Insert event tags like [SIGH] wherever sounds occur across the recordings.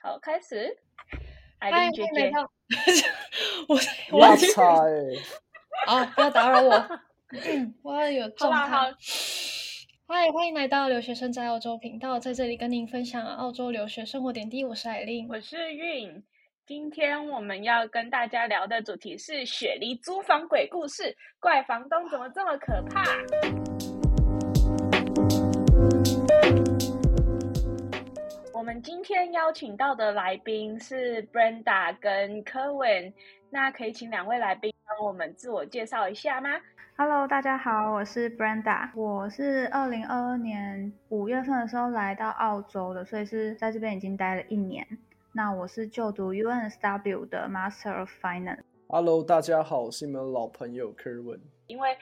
好，開始。艾玲姐姐，Hi, [LAUGHS] 我 yes, 我操！啊， [LAUGHS] oh, 不要打擾我。嗯、 [LAUGHS] 哎，我要有狀態。嗨，Hi, 歡迎來到留學生在澳洲頻道，在這裡跟您分享澳洲留學生活點滴。我是艾玲，我是韻。今天我們要跟大家聊的主題是《雪梨租房鬼故事》，怪房東怎麼這麼可怕？ [NOISE] 我們今天邀請到的來賓是 Brenda 跟 k e r w i n，那可以請兩位來賓幫我們自我介紹一下嗎？Hello，大家好，我是 Brenda，我是二零二二年五月份的時候來到澳洲的，所以是在這邊已經待了一年。那我是就讀 UNSW 的 Master of Finance。Hello，大家好，我是你們的老朋友 k e r w i n，因為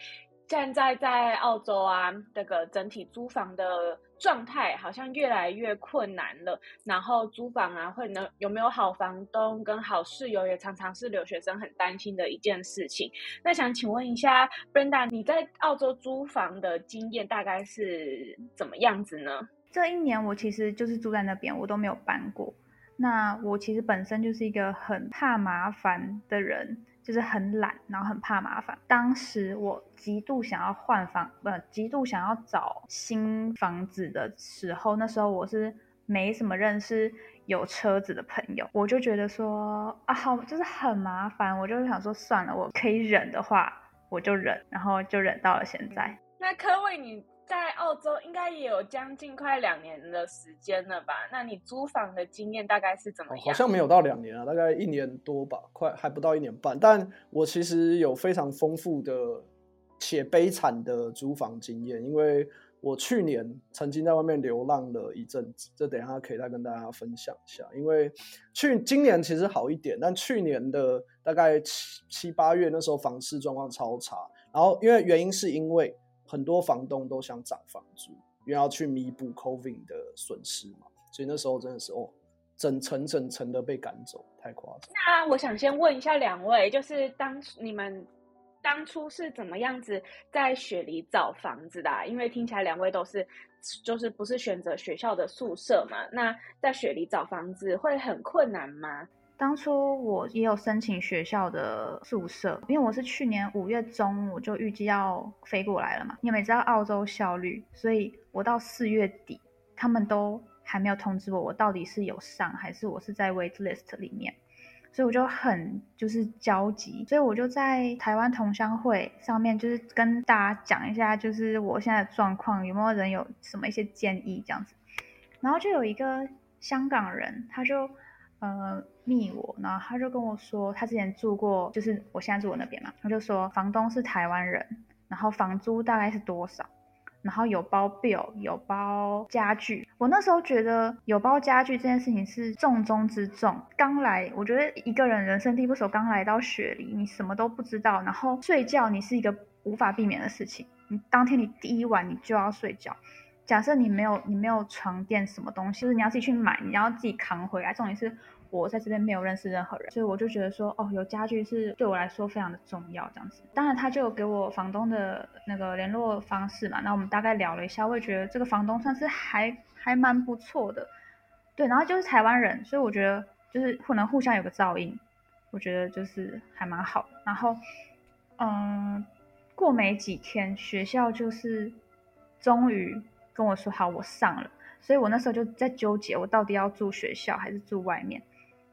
現在在澳洲啊，這個整體租房的狀態好像越來越困難了。然後租房啊，會能有沒有好房東跟好室友，也常常是留學生很擔心的一件事情。那想請問一下，Brenda，你在澳洲租房的經驗大概是怎麼樣子呢？這一年我其實就是住在那邊，我都沒有搬過。那我其實本身就是一個很怕麻煩的人。就是很懶，然後很怕麻煩。當時我極度想要換房，不是極度想要找新房子的時候，那時候我是沒什麼認識有車子的朋友，我就覺得說啊，好，就是很麻煩，我就想說算了，我可以忍的話，我就忍，然後就忍到了現在。那 Kerwin 你，在澳洲應該也有將近快兩年的時間了吧？那你租房的經驗大概是怎麼樣？哦，好像沒有到兩年了啊，大概一年多吧，快還不到一年半。但我其實有非常豐富的且悲慘的租房經驗，因為我去年曾經在外面流浪了一陣子，這等一下可以再跟大家分享一下。因為去，今年其實好一點，但去年的大概七七八月那時候房市狀況超差，然後因為原因是因為。很多房東都想漲房租，因為要去彌補 COVID 的損失嘛。所以那時候真的是哦，整層整層的被趕走，太誇張。那我想先問一下兩位，就是當你們當初是怎麼樣子在雪梨找房子的啊？因為聽起來兩位都是，就是不是選擇學校的宿舍嘛？那在雪梨找房子會很困難嗎？當初我也有申請學校的宿舍，因為我是去年五月中我就預計要飛過來了嘛。你也知道澳洲效率，所以我到四月底他們都還沒有通知我，我到底是有上還是我是在 waitlist 裡面，所以我就很就是焦急，所以我就在台灣同鄉會上面就是跟大家講一下，就是我現在的狀況有沒有人有什麼一些建議這樣子，然後就有一個香港人，他就呃。密我，然後他就跟我說，他之前住過，就是我現在住我那邊嘛。他就說，房東是台灣人，然後房租大概是多少，然後有包 bill，有包家具。我那時候覺得有包家具這件事情是重中之重。剛來，我覺得一個人人生地不熟，剛來到雪梨，你什麼都不知道。然後睡覺，你是一個無法避免的事情。你當天你第一晚你就要睡覺，假設你沒有你沒有床墊什麼東西，就是你要自己去買，你要自己扛回來。重點是。我在這邊沒有認識任何人，所以我就覺得說，哦，有家具是對我來說非常的重要這樣子。當然，他就有給我房東的那個聯絡方式嘛，那我們大概聊了一下，我也覺得這個房東算是還還蠻不錯的，對。然後就是台灣人，所以我覺得就是可能互相有個照應，我覺得就是還蠻好。然後，嗯，過沒幾天，學校就是終於跟我說好，我上了。所以我那時候就在糾結，我到底要住學校還是住外面。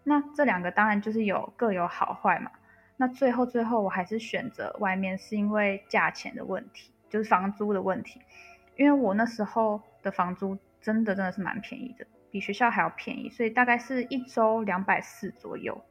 那這兩個當然就是有各有好壞嘛。那最後最後我還是選擇外面，是因為價錢的問題，就是房租的問題。因為我那時候的房租真的真的是蠻便宜的，比學校還要便宜，所以大概是一周兩百四左右，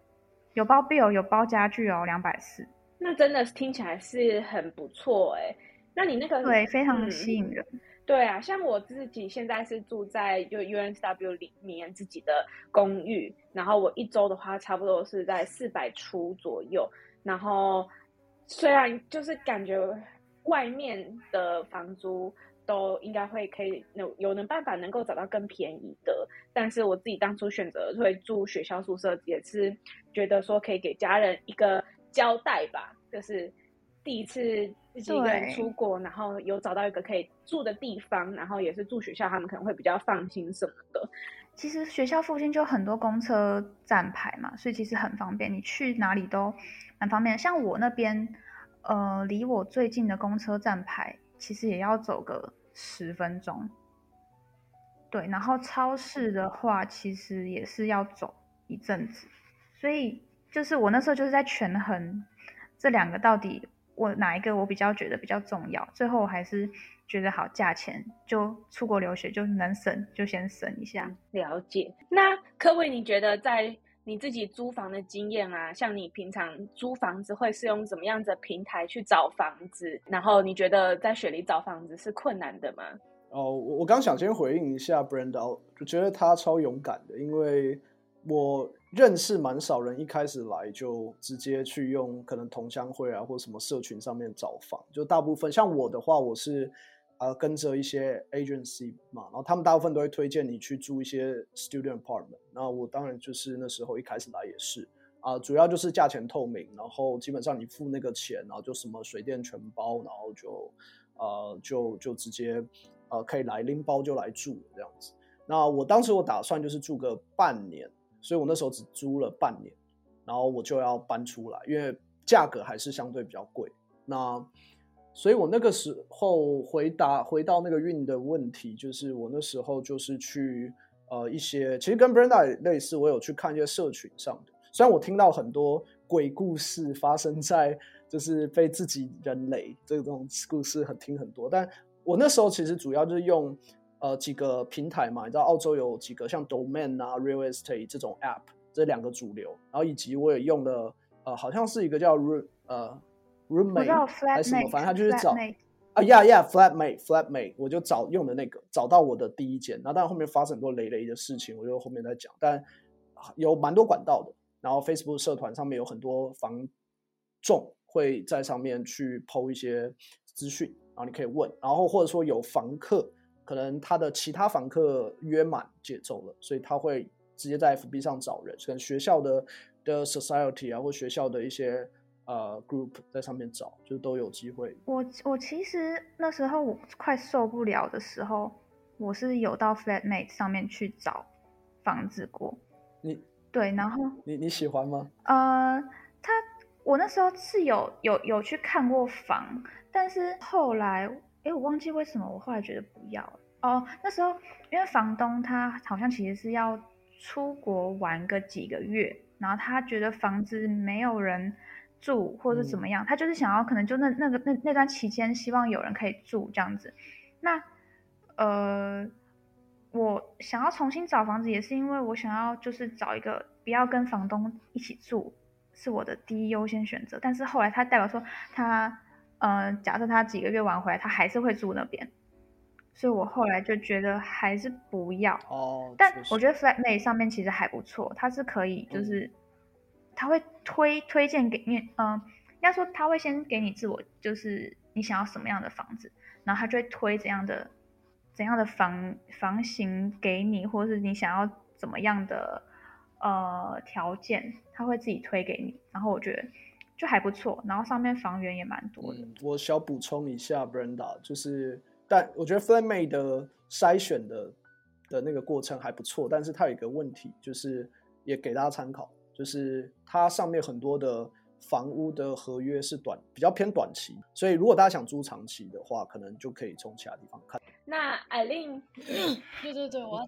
有包 bill 哦，有包家具哦，兩百四。那真的聽起來是很不錯哎、欸。那你那個對非常的吸引人。嗯對啊，像我自己現在是住在就 UNSW 裡面自己的公寓，然後我一周的話差不多是在四百出左右。然後雖然就是感覺外面的房租都應該會可以有有能辦法能夠找到更便宜的，但是我自己當初選擇會住學校宿舍也是覺得說可以給家人一個交代吧，就是。第一次自己一個人出國，然後有找到一個可以住的地方，然後也是住學校，他們可能會比較放心什麼的。其實學校附近就很多公車站牌嘛，所以其實很方便，你去哪裡都蠻方便。像我那邊，呃，離我最近的公車站牌其實也要走個十分鐘，對。然後超市的話，其實也是要走一陣子，所以就是我那時候就是在權衡這兩個到底。我哪一個我比較覺得比較重要？最後我還是覺得好價錢，就出國留學就能省，就先省一下。嗯，了解。那 Kerwin，你覺得在你自己租房的經驗啊，像你平常租房子會是用怎麼樣的平台去找房子？然後你覺得在雪梨找房子是困難的嗎？哦，我我剛想先回應一下 Brenda，我覺得他超勇敢的，因為我，認識蠻少人，一開始來就直接去用可能同鄉會啊，或什麼社群上面找房，就大部分像我的話，我是呃跟着一些 agency 嘛，然後他們大部分都會推薦你去住一些 student apartment。那我當然就是那時候一開始來也是啊，呃，主要就是價錢透明，然後基本上你付那個錢，然後就什麼水電全包，然後就呃就就直接呃可以來拎包就來住這樣子。那我當時我打算就是住個半年。所以我那時候只租了半年，然後我就要搬出來，因為價格還是相對比較貴。那，所以我那個時候回答回到那個運的問題，就是我那時候就是去呃一些，其實跟 Brenda 類似，我有去看一些社群上的。雖然我聽到很多鬼故事發生在就是被自己人雷這種故事很聽很多，但我那時候其實主要就是用。呃，幾個平台嘛，你知道澳洲有幾個像 Domain 啊、Real Estate 這種 App，這兩個主流。然後，以及我也用了，呃，好像是一個叫 Room 呃 Roommate flatmate, 還是什麼，反正他就是找、flatmate、啊，呀、yeah, 呀、yeah，Flatmate Flatmate，我就找用的那個，找到我的第一間。那當但後面發生很多雷雷的事情，我就後面再講。但有蠻多管道的，然後 Facebook 社團上面有很多房仲會在上面去拋一些資訊，然後你可以問，然後或者說有房客。可能他的其他房客約滿解租了，所以他會直接在 FB 上找人，可能學校的的 Society 啊，或學校的一些呃 group 在上面找，就是都有機會。我我其實那時候我快受不了的時候，我是有到 Flatmate 上面去找房子過。你對，然後你你喜歡嗎？呃，他我那時候是有有有去看過房，但是後來。誒，我忘記為什麼，我後來覺得不要哦。那時候因為房東他好像其實是要出國玩個幾個月，然後他覺得房子沒有人住或者怎麼樣，嗯，他就是想要可能就那那個那那段期間希望有人可以住這樣子。那呃，我想要重新找房子也是因為我想要就是找一個不要跟房東一起住是我的第一優先選擇，但是後來他代表說他。嗯、呃，假設他幾個月晚回來，他還是會住那邊，所以我後來就覺得還是不要。哦，但我覺得 flatmate 上面其實還不錯，他是可以，就是、嗯、他會推推薦給你，嗯、呃，應該說他會先給你自我，就是你想要什麼樣的房子，然後他就會推怎樣的怎樣的房房型給你，或者是你想要怎麼樣的呃條件，他會自己推給你。然後我覺得。就還不錯，然後上面房源也蠻多的。嗯、我想補充一下，Brenda，就是，但我覺得 Flatmate 篩選的的那個過程還不錯，但是它有一個問題，就是也給大家參考，就是它上面很多的房屋的合約是短，比較偏短期，所以如果大家想租長期的話，可能就可以從其他地方看。那 Aileen，對對對，我要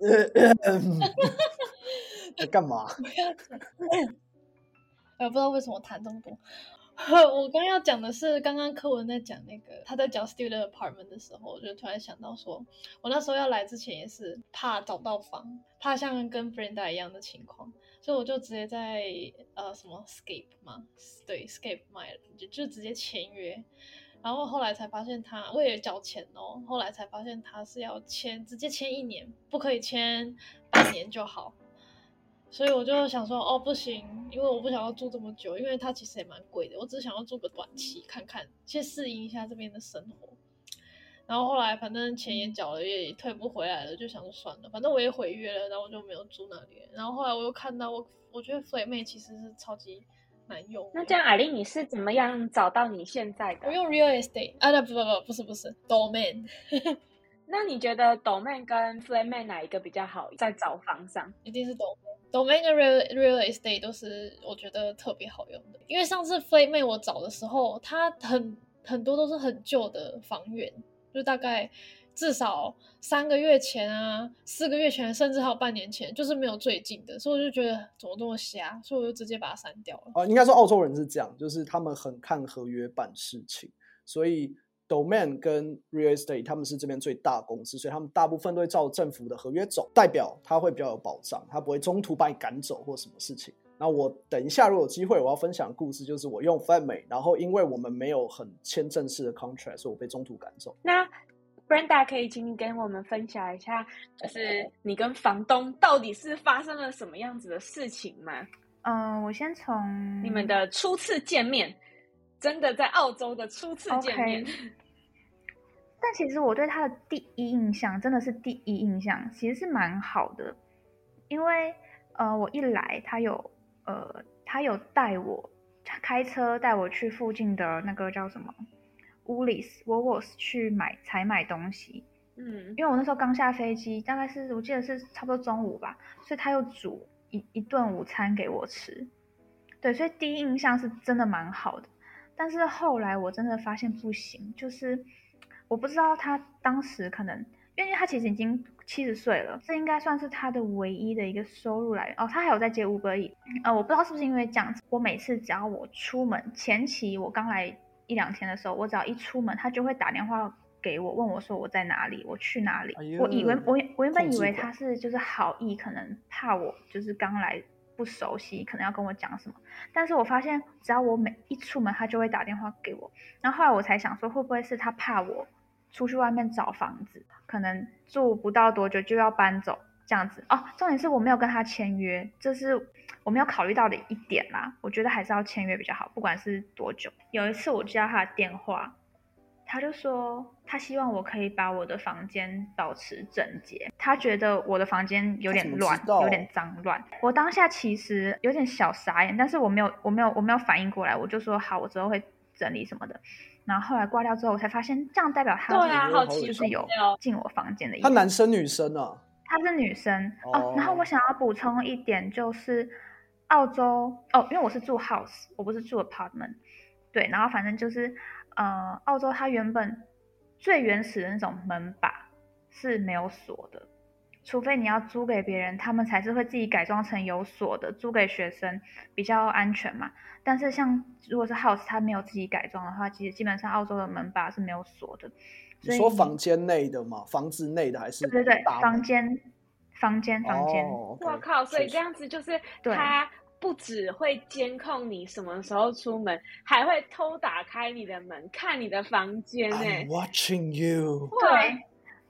在幹嘛？ [LAUGHS] 呃，不知道為什麼談這麼多。 [LAUGHS] 我剛要講的是，剛剛 Kerwin 在講那個他在講 student apartment 的時候，我就突然想到說，說我那時候要來之前也是怕找到房，怕像跟 Brenda 一樣的情況，所以我就直接在呃什麼 Scape 嘛，months, 對，Scape 買了，就就直接簽約。然後後來才發現他為了交錢哦，後來才發現他是要簽直接簽一年，不可以簽半年就好。所以我就想說，哦，不行，因為我不想要住這麼久，因為它其實也蠻貴的。我只想要住個短期，看看，先適應一下這邊的生活。然後後來，反正錢也繳了，也退不回來了，就想說算了，反正我也毀約了。然後我就沒有住那裡。然後後來我又看到我，我覺得 Flatmate 其實是超級難用。那這樣，Aileen，你是怎麼樣找到你現在的？我用 Real Estate 啊，不不不，不，不是不是，Domain。 [LAUGHS] 那你覺得 Domain 跟 Flatmate 哪一個比較好在找房上？一定是 Domain。Domain Real Estate 都是我覺得特別好用的，因為上次 Flatmate 我找的時候，它很很多都是很舊的房源，就大概至少三個月前啊，四個月前，甚至還有半年前，就是沒有最近的，所以我就覺得怎麼那麼瞎，所以我就直接把它刪掉了。應該說澳洲人是這樣，就是他們很看合約辦事情，所以。Domain 跟 Real Estate 他們是這邊最大公司，所以他們大部分都會照政府的合約走，代表他會比較有保障，他不會中途把你趕走或什麼事情。那我等一下如果有機會，我要分享的故事，就是我用 Flatmate 然後，因為我們沒有很簽證式的 Contract，所以我被中途趕走。那 Brenda 可以請你跟我們分享一下，就是你跟房東到底是發生了什麼樣子的事情嗎？嗯，我先從你們的初次見面，真的在澳洲的初次見面。Okay. 但其實我對他的第一印象真的是第一印象，其實是蠻好的，因為呃，我一來他有呃，他有帶我開車帶我去附近的那個叫什麼烏里斯沃沃 s 去買採買東西，嗯，因為我那時候剛下飛機，大概是我記得是差不多中午吧，所以他又煮一一頓午餐給我吃，對，所以第一印象是真的蠻好的，但是後來我真的發現不行，就是。我不知道他當時可能，因為他其實已經七十歲了，這應該算是他的唯一的一個收入來源哦。他還有在接 Uber Eats，呃，我不知道是不是因為這樣子。我每次只要我出門，前期我剛來一兩天的時候，我只要一出門，他就會打電話給我，問我說我在哪裡，我去哪裡。哎、我以為我我原本以為他是就是好意，可能怕我就是剛來不熟悉，可能要跟我講什麼。但是我發現只要我每一出門，他就會打電話給我。然後後來我才想說，會不會是他怕我？出去外面找房子，可能住不到多久就要搬走這樣子哦。重點是我沒有跟他簽約，這是我沒有考慮到的一點啦。我覺得還是要簽約比較好，不管是多久。有一次我接到他的電話，他就說他希望我可以把我的房間保持整潔，他覺得我的房間有點亂，有點髒亂。我當下其實有點小傻眼，但是我沒有，我沒有，我沒有反應過來，我就說好，我之後會整理什麼的。然後後來掛掉之後，我才發現這樣代表他就是有進我房間的意思，啊，就是房間的意思。他男生女生哦、啊，他是女生哦，哦。然後我想要補充一點，就是澳洲哦，因為我是住 house，我不是住 apartment。對，然後反正就是、呃、澳洲它原本最原始的那種門把是沒有鎖的。除非你要租給別人，他們才是會自己改裝成有鎖的。租給學生比較安全嘛。但是像如果是 house，他沒有自己改裝的話，其實基本上澳洲的門把是沒有鎖的。你說房間內的嘛，房子內的還是？對對對，房間，房間，房間。我靠、哦 okay！所以這樣子就是他不止會監控你什麼時候出門，還會偷打開你的門看你的房間誒。I'm watching you。對。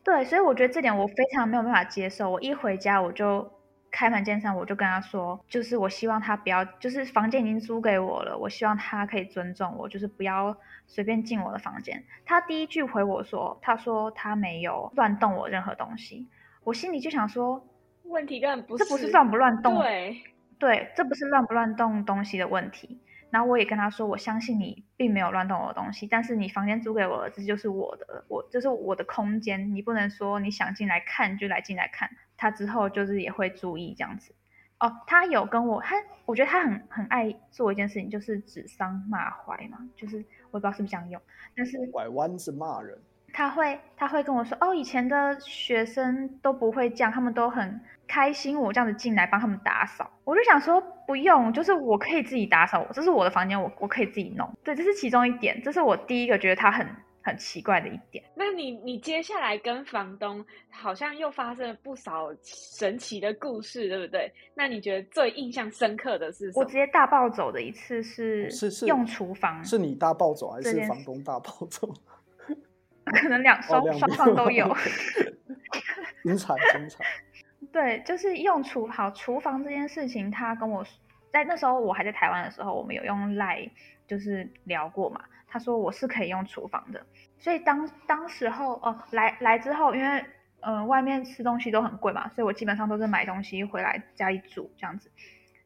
對，所以我覺得這點我非常沒有辦法接受。我一回家我就開門見山，我就跟他說，就是我希望他不要，就是房間已經租給我了，我希望他可以尊重我，就是不要隨便進我的房間。他第一句回我說，他說他沒有亂動我任何東西，我心裡就想說，問題根本不是，這不是亂不亂動，對，對，這不是亂不亂動東西的問題。然後我也跟他說，我相信你並沒有亂動我的東西，但是你房間租給我的，這就是我的，我就是我的空間，你不能說你想進來看就來進來看。他之後就是也會注意這樣子。哦，他有跟我，他我覺得他很很愛做一件事情，就是指桑罵槐嘛，就是我不知道是不是這樣用，但是拐彎子罵人。他會，他會跟我說，哦，以前的學生都不會這樣，他們都很開心，我這樣子進來幫他們打掃。我就想說，不用，就是我可以自己打掃我，這是我的房間，我我可以自己弄。對，這是其中一點，這是我第一個覺得他很很奇怪的一點。那你，你接下來跟房東好像又發生了不少神奇的故事，對不對？那你覺得最印象深刻的是什麼？我直接大暴走的一次是是用廚房，是，是，是你大暴走還是房東大暴走？ [LAUGHS] 可能兩、哦、雙兩雙方都有，雲 [LAUGHS] [LAUGHS] 對，就是用廚房廚房這件事情，他跟我，在那時候我還在台灣的時候，我們有用 Line 就是聊過嘛，他說我是可以用廚房的，所以當當時候哦來來之後，因為嗯、呃、外面吃東西都很貴嘛，所以我基本上都是買東西回來家裡煮這樣子，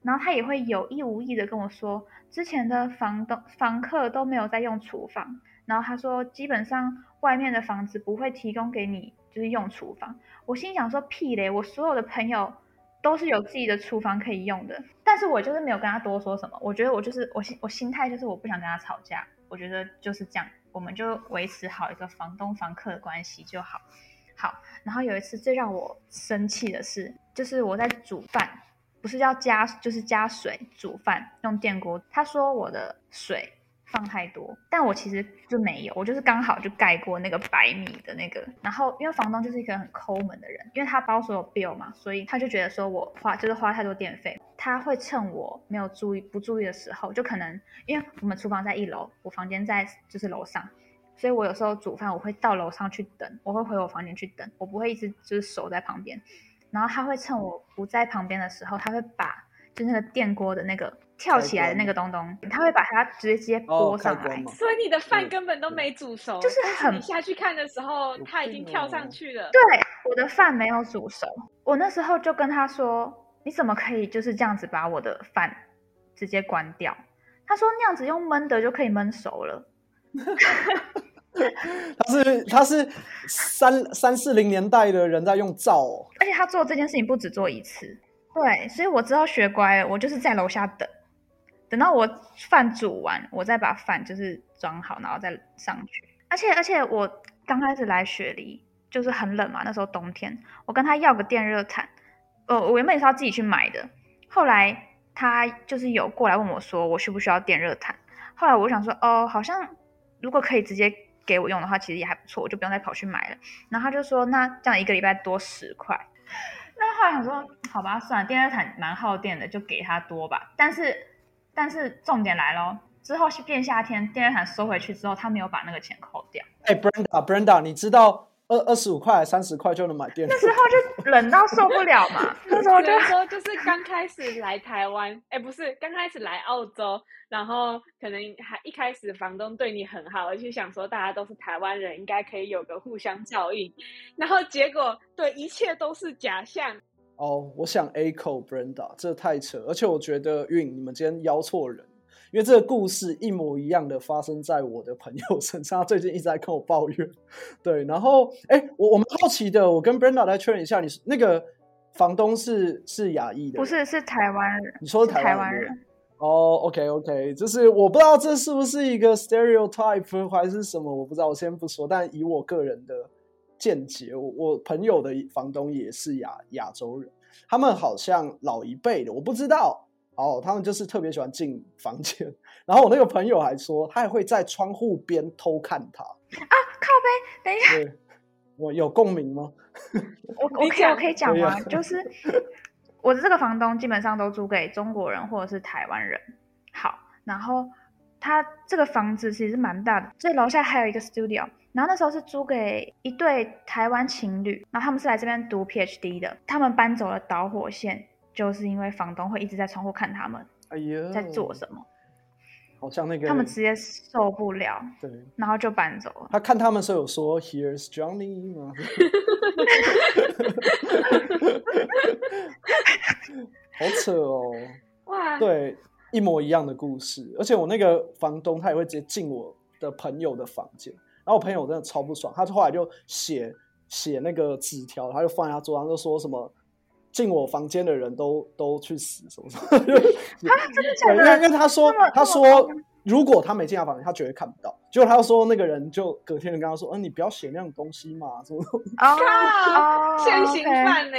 然後他也會有意無意的跟我說，之前的房東房客都沒有在用廚房。然後他說，基本上外面的房子不會提供給你，就是用廚房。我心想說，屁嘞！我所有的朋友都是有自己的廚房可以用的。但是我就是沒有跟他多說什麼。我覺得我就是我心我心態就是我不想跟他吵架。我覺得就是這樣，我們就維持好一個房東房客的關係就好。好，然後有一次最讓我生氣的是，就是我在煮飯，不是要加就是加水煮飯用電鍋。他說我的水放太多，但我其實就沒有，我就是剛好就蓋過那個白米的那個。然後因為房東就是一個很摳門的人，因為他包所有 bill 嘛，所以他就覺得說我花就是花太多電費，他會趁我沒有注意不注意的時候，就可能因為我們廚房在一樓，我房間在就是樓上，所以我有時候煮飯我會到樓上去等，我會回我房間去等，我不會一直就是守在旁邊。然後他會趁我不在旁邊的時候，他會把就那個電鍋的那個。跳起來的那個東東，他會把它直接接撥上來，所以你的飯根本都沒煮熟。就是很，你下去看的時候，他已經跳上去了。對，我的飯沒有煮熟。我那時候就跟他說：“你怎麼可以就是這樣子把我的飯直接關掉？”他說：“那樣子用燜的就可以燜熟了。” [LAUGHS] 他是，他是他是三三四零年代的人在用灶哦，而且他做這件事情不止做一次。對，所以我知道學乖，我就是在樓下等。等到我飯煮完，我再把飯就是裝好，然後再上去。而且而且我剛開始來雪梨就是很冷嘛，那時候冬天，我跟他要個電熱毯。呃，我原本也是要自己去買的，後來他就是有過來問我，說我需不需要電熱毯。後來我想說，哦、呃，好像如果可以直接給我用的話，其實也還不錯，我就不用再跑去買了。然後他就說，那這樣一個禮拜多十塊。那後來想說，好吧，算了電熱毯蠻耗電的，就給他多吧。但是。但是重點來咯，之後是變夏天，電熱毯收回去之後，他沒有把那個錢扣掉。哎、欸，Brenda，Brenda，你知道二二十五塊、三十塊就能買電？那時候就冷到受不了嘛。 [LAUGHS] 那時候就說，就是剛開始來台灣，哎、欸，不是剛開始來澳洲，然後可能還一開始房東對你很好，而且想說大家都是台灣人，應該可以有個互相照應。然後結果對，一切都是假象。哦、oh, 我想 echo Brenda 這太扯，而且我覺得運，你們今天邀錯人，因為這個故事一模一樣的發生在我的朋友身上，他最近一直在跟我抱怨。對，然後哎，我我們好奇的，我跟 Brenda 來確認一下，你那個房東是是亞裔的，不是是台灣人？你說台灣人？哦、oh,OK OK，就是我不知道這是不是一個 stereotype 還是什麼，我不知道，我先不說，但以我個人的。間接，我我朋友的房東也是亞亞洲人，他們好像老一輩的，我不知道哦。他們就是特別喜歡進房間，然後我那個朋友還說，他還會在窗戶邊偷看他啊，靠杯，等一下，我有共鳴嗎？我 [LAUGHS] okay, 我可以我可以講嗎？ [LAUGHS] 就是我的這個房東基本上都租給中國人或者是台灣人。好，然後他這個房子其實蠻大的，所以樓下還有一個 studio。然後那時候是租給一對台灣情侶，然後他們是來這邊讀 PhD 的。他們搬走了導火線，就是因為房東會一直在窗戶看他們在做什麼。哎呦、好像那個他們直接受不了，對，然後就搬走了。他看他們的時候有說 “Here's Johnny” 嗎？ [LAUGHS] [LAUGHS] [LAUGHS] [LAUGHS] [LAUGHS] [LAUGHS] [LAUGHS] 好扯哦！哇，對，一模一樣的故事。而且我那個房東他也會直接進我的朋友的房間。然、啊、我朋友真的超不爽，他就後來就寫寫那個紙條，他就放在他桌上，就說什麼進我房間的人都都去死，什麼什、啊、 [LAUGHS] 麼。他因為因為他說他說如果他沒進他房間、嗯，他絕對看不到。結果他又說那個人就隔天就跟他說：“嗯、啊，你不要寫那種東西嘛，什麼什麼。”啊，現行犯呢？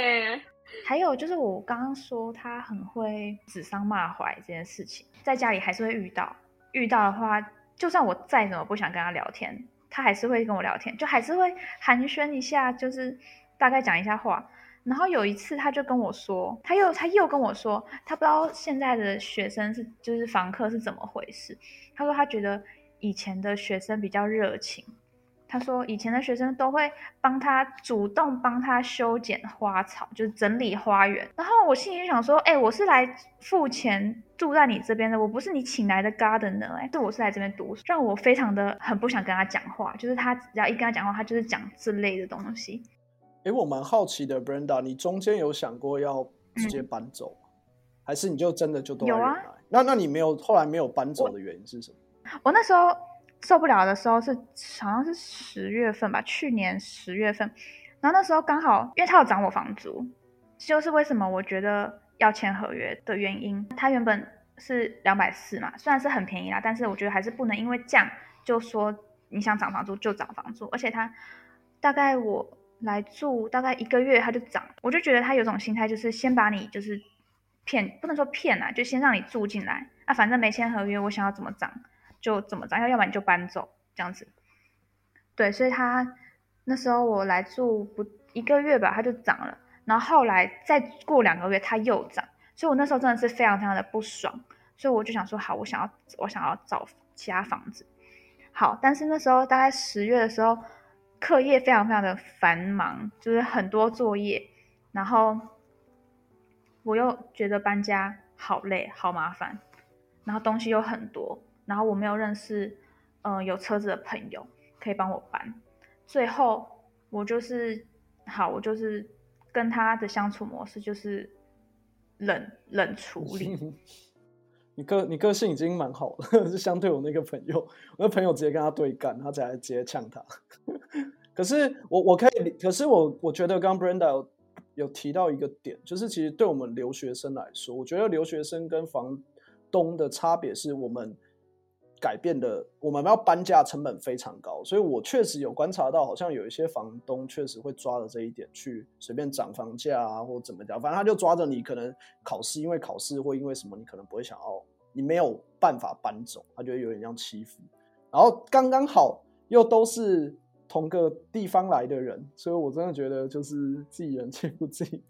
還有就是我剛剛說他很會指桑罵槐這件事情，在家裡還是會遇到。遇到的話，就算我再怎麼不想跟他聊天，他還是會跟我聊天，就還是會寒暄一下，就是大概講一下話。然後有一次，他就跟我說，他又他又跟我說，他不知道現在的學生是就是房客是怎麼回事。他說他覺得以前的學生比較熱情。他說以前的學生都會幫他主動幫他修剪花草，就是整理花園。然後我心裡就想說，哎、欸，我是來付錢住在你這邊的，我不是你請來的 gardener，哎、欸，對，我是來這邊讀書，但我非常的很不想跟他講話。就是他只要一跟他講話，他就是講這類的東西。哎、欸，我蠻好奇的，Brenda，你中間有想過要直接搬走、嗯，還是你就真的就都？有啊，那那你沒有後來沒有搬走的原因是什麼？我，我那時候，受不了的時候是好像是十月份吧，去年十月份，然後那時候剛好因為他要漲我房租，就是為什麼我覺得要簽合約的原因。他原本是兩百四嘛，雖然是很便宜啦，但是我覺得還是不能因為降就說你想漲房租就漲房租，而且他大概我來住大概一個月他就漲，我就覺得他有種心態就是先把你就是騙，不能說騙啦，就先讓你住進來啊，反正沒簽合約，我想要怎麼漲。就怎麼漲，要要不然你就搬走，這樣子，對，所以他那時候我來住不一個月吧，他就漲了，然後後來再過兩個月他又漲，所以我那時候真的是非常非常的不爽，所以我就想說好，我想要我想要找其他房子，好，但是那時候大概十月的時候，課業非常非常的繁忙，就是很多作業，然後我又覺得搬家好累好麻煩，然後東西又很多。然後我沒有認識，嗯、呃，有車子的朋友可以幫我搬。最後我就是好，我就是跟他的相處模式就是冷冷處理。你個你個性已經蠻好了，是相對我那個朋友，我那朋友直接跟他對幹，他才直接嗆他。 [LAUGHS] 可是我我可以，可是我我覺得剛剛 Brenda 有有提到一個點，就是其實對我們留學生來說，我覺得留學生跟房東的差別是我們。改變的，我們要搬家成本非常高，所以我確實有觀察到，好像有一些房東確實會抓着這一點去隨便漲房價啊，或怎麼樣，反正他就抓着你，可能考試因為考試或因為什麼，你可能不會想要，你沒有辦法搬走，他覺得有點像欺負。然後剛剛好又都是同個地方來的人，所以我真的覺得就是自己人欺負自己，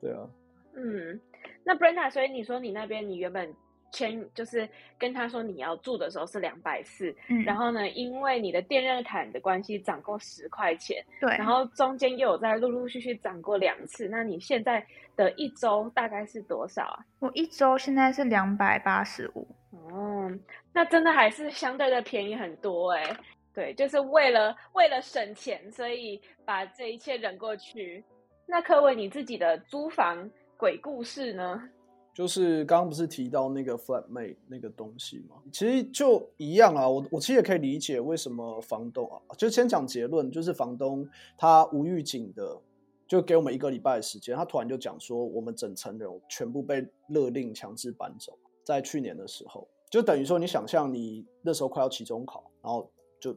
對啊。嗯，那 Brenda，所以你說你那邊你原本。前就是跟他說你要住的時候是兩百四，嗯，然後呢，因為你的電熱毯的關係漲過十塊錢，對，然後中間又有再陸陸續續漲過兩次，那你現在的一周大概是多少啊？我一周現在是兩百八十五。哦，那真的還是相對的便宜很多哎、欸。對，就是為了為了省錢，所以把這一切忍過去。那柯文，你自己的租房鬼故事呢？就是剛剛不是提到那個 flatmate 那個東西嗎？其實就一樣啊。我我其實也可以理解為什麼房東啊，就先講結論，就是房東他無預警的就給我們一個禮拜的時間，他突然就講說我們整層樓全部被勒令強制搬走。在去年的時候，就等於說你想象你那時候快要期中考，然後就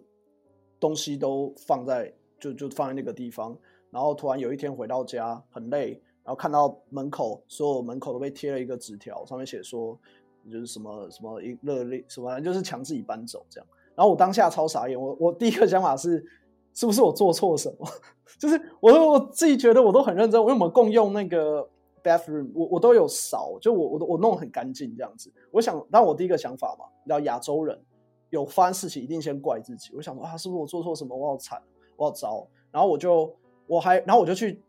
東西都放在就就放在那個地方，然後突然有一天回到家很累。然後看到門口，所有門口都被貼了一個紙條，上面寫說，就是什麼什麼一勒令什麼，就是強制己搬走這樣。然後我當下超傻眼，我我第一個想法是，是不是我做錯什麼？ [LAUGHS] 就是我說我自己覺得我都很認真，我有沒有共用那個 bathroom？我我都有掃，就我我都我弄很乾淨這樣子。我想，但我第一個想法嘛，你知道亞洲人有發生事情一定先怪自己。我想說啊，是不是我做錯什麼？我好慘，我好糟。然後我就我還，然後我就去。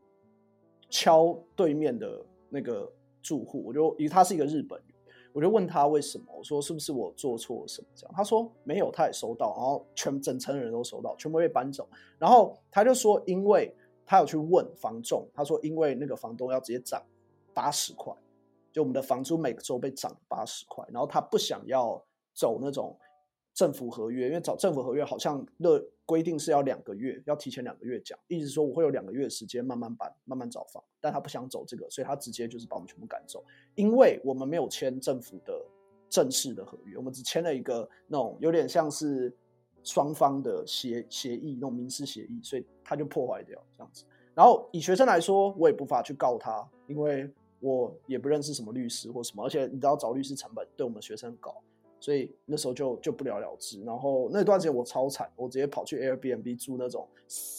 敲對面的那個住戶，我就，以他是一個日本人，我就問他為什麼，我說是不是我做錯了什麼這樣，他說沒有，他也收到，然後全整層的人都收到，全部被搬走，然後他就說，因為他有去問房仲，他說因為那個房東要直接漲八十塊，就我們的房租每個周被漲八十塊，然後他不想要走那種。政府合約，因為找政府合約好像的規定是要兩個月，要提前兩個月講，意思說我會有兩個月的時間慢慢搬，慢慢找房。但他不想走這個，所以他直接就是把我們全部趕走，因為我們沒有簽政府的正式的合約，我們只簽了一個那種有點像是雙方的協協議那種民事協議，所以他就破壞掉這樣子。然後以學生來說，我也無法去告他，因為我也不認識什麼律師或什麼，而且你知道找律師成本對我們學生很高。所以那時候就就不了了之，然後那段時間我超慘，我直接跑去 Airbnb 住那種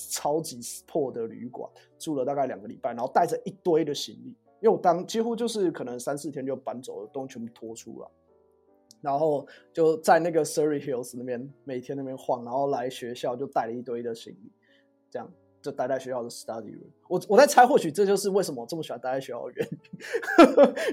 超級破的旅館，住了大概兩個禮拜，然後帶着一堆的行李，因為我當幾乎就是可能三四天就搬走了，東西全部拖出來，然後就在那個 Surry Hills 那邊每天那邊晃，然後來學校就帶了一堆的行李，這樣。就待在學校，就 study room。我我在猜，或許這就是為什麼我這麼喜歡待在學校的原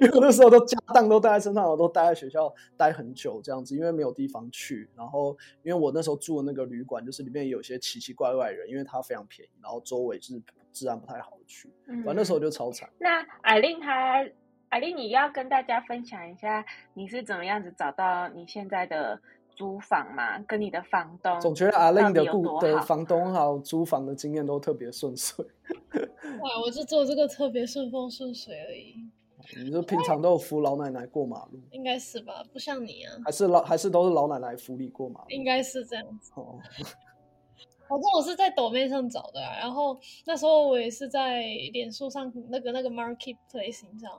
因。有 [LAUGHS] 那時候都家當都帶在身上，我都待在學校待很久這樣子，因為沒有地方去。然後，因為我那時候住的那個旅館，就是裡面有些奇奇怪怪的人，因為它非常便宜，然後周圍就是治安不太好去。嗯、反正那時候就超慘。那 Aileen，他 Aileen，你要跟大家分享一下，你是怎麼樣子找到你現在的？租房嘛，跟你的房東，總覺得 Aileen 的顧的房東還有租房的經驗都特別順遂 [LAUGHS] 哇、啊，我就做這個特別順風順水而已，啊。你就平常都有扶老奶奶過馬路，應該是吧？不像你啊，還是老還是都是老奶奶扶你過馬路，應該是這樣子。哦、oh. [LAUGHS] 啊。反正我是在 Domain 上找的，啊，然後那時候我也是在臉書上那個那個 marketplace 上，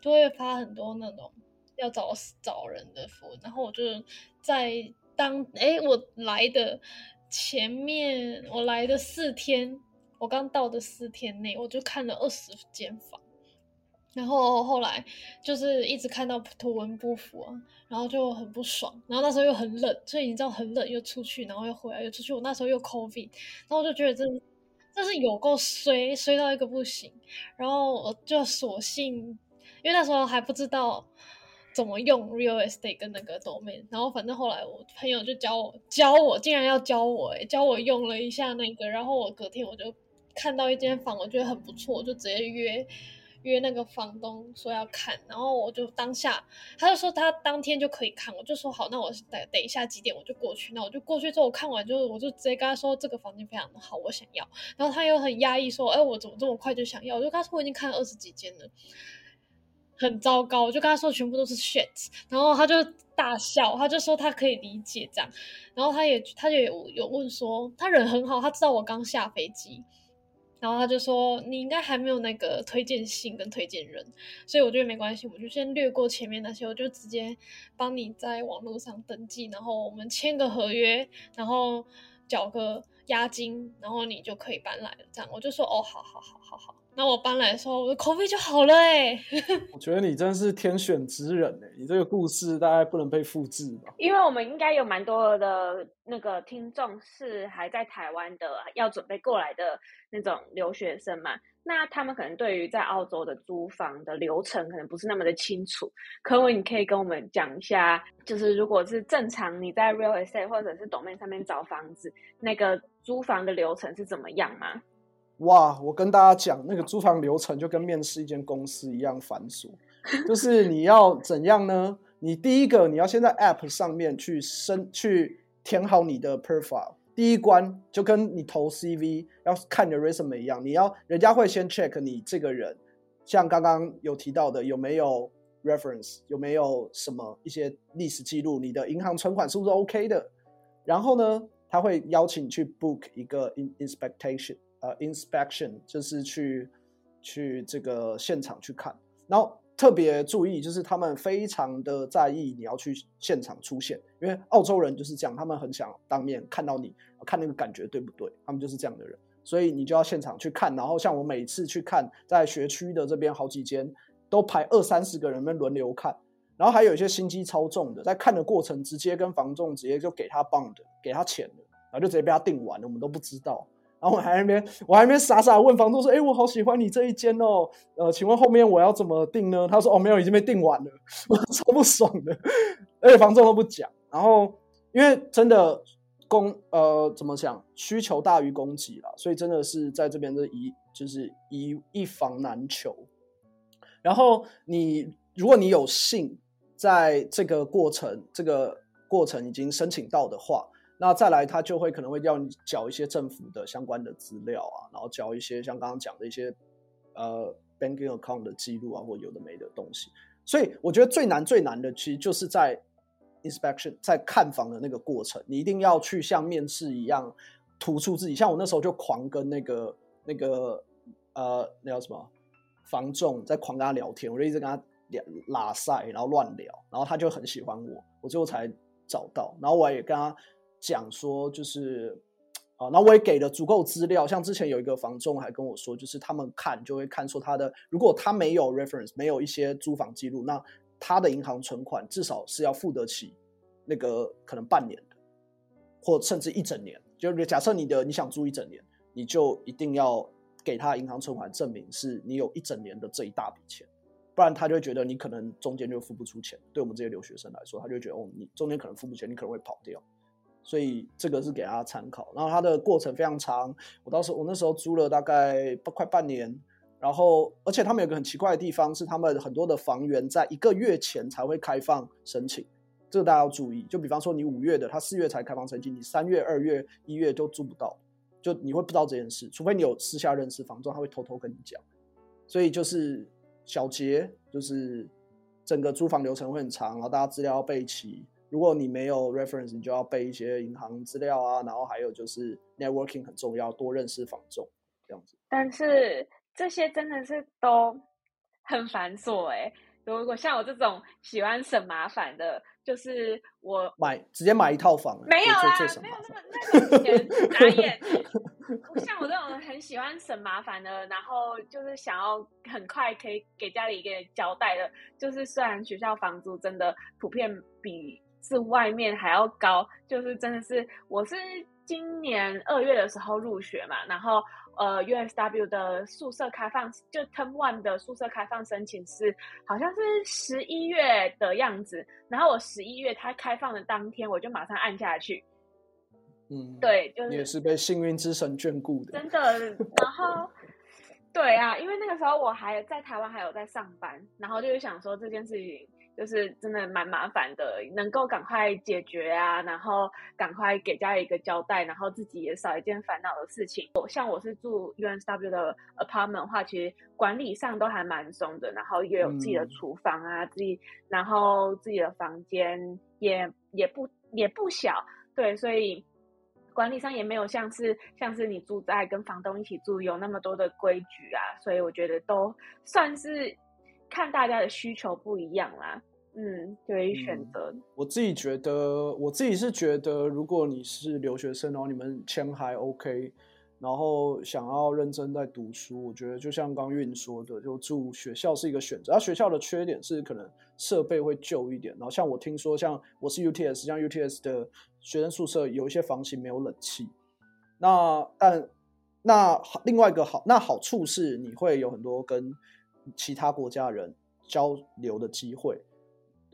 就會發很多那種。要找找人的服務，然後我就在當，誒我來的前面，我來的四天，我剛到的四天內，我就看了二十間房，然後後來就是一直看到圖文不符啊，然後就很不爽，然後那時候又很冷，所以你知道很冷，又出去，然後又回來，又出去，我那時候又 Covid，然後我就覺得真這，這是有夠衰，衰到一個不行，然後我就索性，因為那時候還不知道。怎麼用 real estate 跟那個 domain，然後反正後來我朋友就教我教我，竟然要教我誒教我用了一下那個，然後我隔天我就看到一間房，我覺得很不錯，我就直接約約那個房東說要看，然後我就當下他就說他當天就可以看，我就說好，那我等等一下幾點我就過去，那我就過去之後我看完就我就直接跟他說這個房間非常的好，我想要，然後他又很壓抑說，哎，我怎麼這麼快就想要，我就跟他說我已經看了二十幾間了。很糟糕，我就跟他說的全部都是 shit，然後他就大笑，他就說他可以理解這樣，然後他也他就有有問說他人很好，他知道我剛下飛機，然後他就說，你應該還沒有那個推薦信跟推薦人，所以我覺得沒關係，我就先略過前面那些，我就直接幫你在網絡上登記，然後我們簽個合約，然後繳個押金，然後你就可以搬來了這樣，我就說哦，好好好。那我搬來的時候，我的口味就好了哎、欸。 [LAUGHS] 我覺得你真是天選之人、欸、你這個故事大概不能被複製吧？因為我們應該有蠻多的那個聽眾是還在台灣的，要準備過來的那種留學生嘛。那他們可能對於在澳洲的租房的流程可能不是那麼的清楚。Kerwin，你可以跟我們講一下，就是如果是正常你在 Real Estate 或者是 Domain 上面找房子，那個租房的流程是怎麼樣嗎？哇，我跟大家講，那個租房流程就跟面試一間公司一樣繁瑣，就是你要怎樣呢？ [LAUGHS] 你第一個你要先在 App 上面去申去填好你的 Profile，第一關就跟你投 CV 要看你的 Resume 一樣，你要人家會先 check 你這個人，像剛剛有提到的有沒有 reference，有沒有什麼一些歷史記錄，你的銀行存款是不是 OK 的？然後呢，他會邀請你去 book 一個 in inspection。呃、uh，inspection 就是去去這個現場去看，然後特別注意，就是他們非常的在意你要去現場出現，因為澳洲人就是這樣，他們很想當面看到你，看那個感覺對不對？他們就是這樣的人，所以你就要現場去看。然後像我每次去看，在學區的這邊，好幾間都排二三十個人們輪流看，然後還有一些心機超重的，在看的過程直接跟房仲直接就給他 bond，給他錢了，然後就直接被他定完了，我們都不知道。然後我還在那邊，我還在那邊傻傻問房東說：“哎、欸，我好喜歡你這一間哦，呃，請問後面我要怎麼訂呢？”他說：“哦，沒有，已經被訂完了，我超不爽的。而且房東都不講。然後，因為真的供呃怎麼講，需求大於供給了，所以真的是在這邊的一就是一、就是、一房難求。然後你如果你有幸在這個過程，這個過程已經申請到的話。”那再來，他就會可能會要你繳一些政府的相關的資料啊，然後繳一些像剛剛講的一些，呃，banking account 的記錄啊，或有的沒的東西。所以我覺得最難最難的，其實就是在 inspection，在看房的那個過程，你一定要去像面試一樣突出自己。像我那時候就狂跟那個那個呃，那叫什麼房仲在狂跟他聊天，我就一直跟他拉拉塞，然後亂聊，然後他就很喜歡我，我最後才找到，然後我也跟他。講說就是啊，那我也給了足夠資料。像之前有一個房仲還跟我說，就是他們看就會看說，他的如果他沒有 reference，沒有一些租房記錄，那他的銀行存款至少是要付得起那個可能半年的，或甚至一整年。就假設你的你想租一整年，你就一定要給他銀行存款證明，是你有一整年的這一大筆錢，不然他就會覺得你可能中間就付不出錢。對我們這些留學生來說，他就會覺得哦，你中間可能付不出錢，你可能會跑掉。所以這個是給大家參考，然後它的過程非常長，我到時候我那時候租了大概半快半年，然後而且他們有個很奇怪的地方是，他們很多的房源在一個月前才會開放申請，這個大家要注意。就比方說你五月的，他四月才開放申請，你三月、二月、一月就租不到，就你會不知道這件事，除非你有私下認識房東，他會偷偷跟你講。所以就是小結，就是整個租房流程會很長，然後大家資料要備齊。如果你沒有 reference，你就要背一些銀行資料啊，然後還有就是 networking 很重要，多認識房仲，這樣子。但是這些真的是都很繁瑣哎、欸。如果像我這種喜歡省麻煩的，就是我買直接買一套房。欸，沒有啊，沒有那麼那個錢拿 [LAUGHS] 省眼。 [LAUGHS] 我像我這種很喜歡省麻煩的，然後就是想要很快可以給家裡一個人交代的，就是雖然學校房租真的普遍比。是外面還要高，就是真的是，我是今年二月的時候入學嘛，然後呃，U S W 的宿舍開放，就 Term One 的宿舍開放申請是好像是十一月的樣子，然後我十一月它開放的當天，我就馬上按下去。嗯，對，就是也是被幸運之神眷顧的，真的。然後。 [LAUGHS] 對啊，因為那個時候我還在台灣，還有在上班，然後就是想說這件事情就是真的蠻麻煩的，能夠趕快解決啊，然後趕快給家裡一個交代，然後自己也少一件煩惱的事情。我像我是住 UNSW 的 apartment 的話，其實管理上都還蠻鬆的，然後也有自己的廚房啊，自己然後自己的房間也也不也不小，對，所以。管理上也沒有像是像是你住在跟房東一起住有那麼多的規矩啊，所以我覺得都算是看大家的需求不一樣啦。嗯，可以選擇、嗯。我自己覺得，我自己是覺得，如果你是留學生哦，然後你們錢還 OK，然後想要認真在讀書，我覺得就像剛韻說的，就住學校是一個選擇。而、啊、學校的缺點是可能設備會舊一點，然後像我聽說，像我是 UTS，像 UTS 的。學生宿舍有一些房型，沒有冷氣，那但那另外一個好，那好處是你會有很多跟其他國家人交流的機會，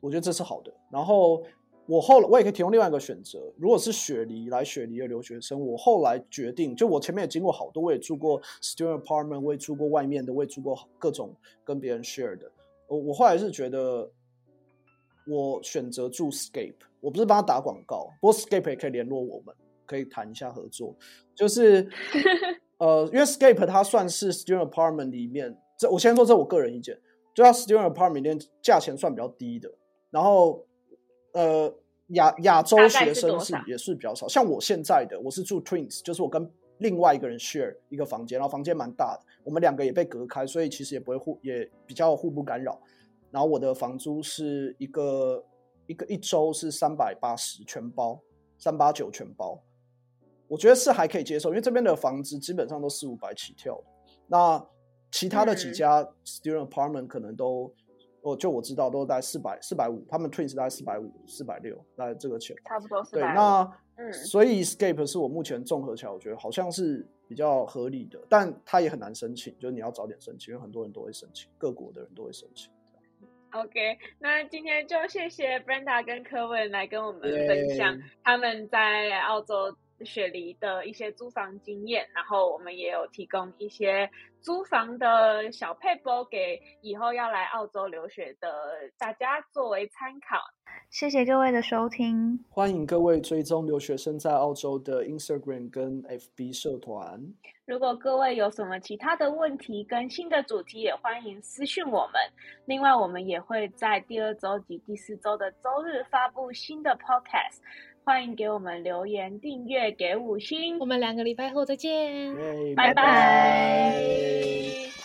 我覺得這是好的。然後我後來我也可以提供另外一個選擇，如果是雪梨來雪梨的留學生，我後來決定，就我前面也經過好多，我也住過 student apartment，我也住過外面的，我也住過各種跟別人 share 的，我我後來是覺得。我選擇住 Scape 我不是幫他打廣告，不過 Scape 也可以聯絡我們，可以談一下合作。就是， [LAUGHS] 呃，因為 Scape 它算是 Student Apartment 裡面，這我先說這我個人意見，就啊，Student Apartment 裡面價錢算比較低的。然後，呃，亞亞洲學生是也是比較少,是少，像我現在的我是住 Twins，就是我跟另外一個人 share 一個房間，然後房間蠻大的，我們兩個也被隔開，所以其實也不會互也比較互不干擾。然後我的房租是一個一個一周是三百八十全包，三八九全包，我覺得是還可以接受，因為這邊的房子基本上都四五百起跳。那其他的幾家 student apartment，嗯、可能都，哦，就我知道都在四百四百五，他們 twins 在四百五四百六，在這個錢。差不多450，對，那嗯，所以 escape 是我目前綜合起來，我覺得好像是比較合理的，但它也很難申請，就是、你要早點申請，因為很多人都會申請，各國的人都會申請。OK，那今天就謝謝 Brenda 跟 Kerwin 來跟我們分享他們在澳洲雪梨的一些租房經驗，然後我們也有提供一些租房的小撇步給以後要來澳洲留學的大家作為參考。謝謝各位的收聽，歡迎各位追蹤留學生在澳洲的 Instagram 跟 FB 社團。如果各位有什麼其他的問題跟新的主題，也歡迎私訊我們。另外，我們也會在第二周及第四周的周日發布新的 podcast，歡迎給我們留言、訂閱、給五星。我們兩個禮拜後再見 Yay, bye bye，拜拜。